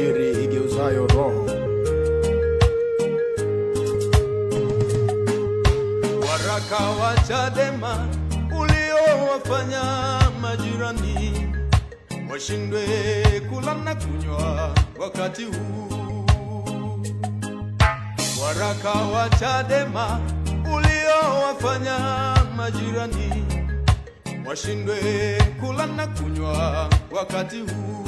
injili igeuzayo roho. Waraka wa Chadema uliowafanya majirani washindwe kula na kunywa wakati huu. Waraka wa Chadema uliowafanya majirani washindwe kula na kunywa wakati huu.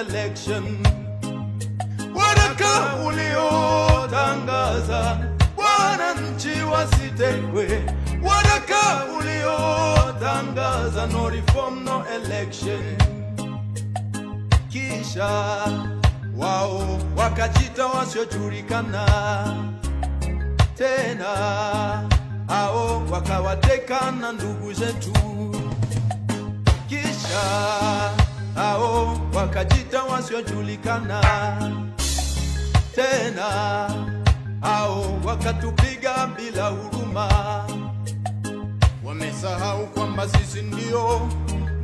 election. Waraka uliotangaza nchi wasitengwe, waraka uliotangaza no reform no election. Kisha wao wakajita wasiojulikana tena, hao wakawateka na ndugu zetu kisha wakajita wasiojulikana tena, au wakatupiga bila huruma. Wamesahau kwamba sisi ndio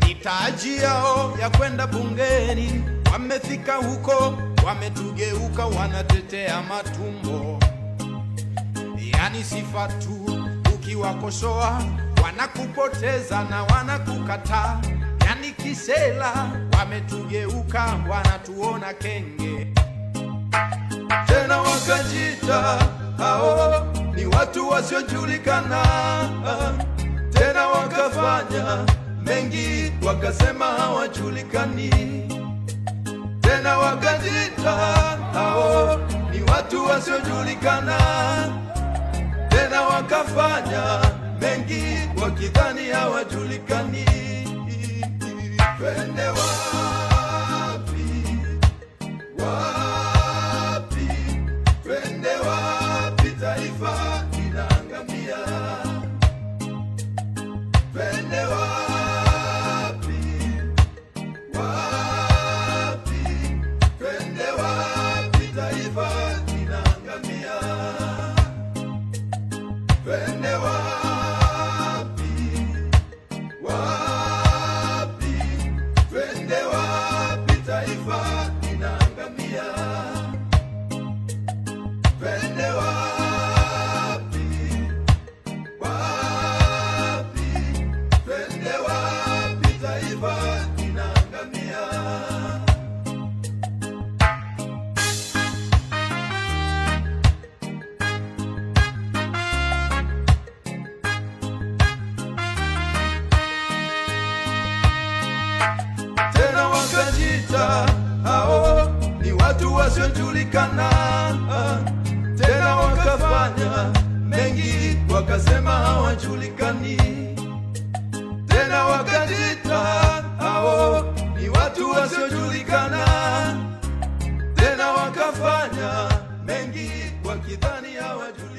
ni taji yao ya kwenda bungeni. Wamefika huko wametugeuka, wanatetea matumbo, yani sifa tu. Ukiwakosoa wanakupoteza na wanakukataa kisela, wametugeuka wanatuona kenge tena, wakajita hao ni watu wasiojulikana tena, wakafanya mengi wakasema hawajulikani tena, wakajita hao ni watu wasiojulikana tena, wakafanya mengi wakidhani hawajulikani twende wapi, wapi, twende wapi, taifa linaangamia, twende wapi, wapi, twende wapi, taifa linaangamia, twende wapi wasiojulikana tena, wakafanya mengi, wakasema hawajulikani tena, wakajita hao ni watu wasiojulikana tena, wakafanya mengi wakidhani hawajulikani.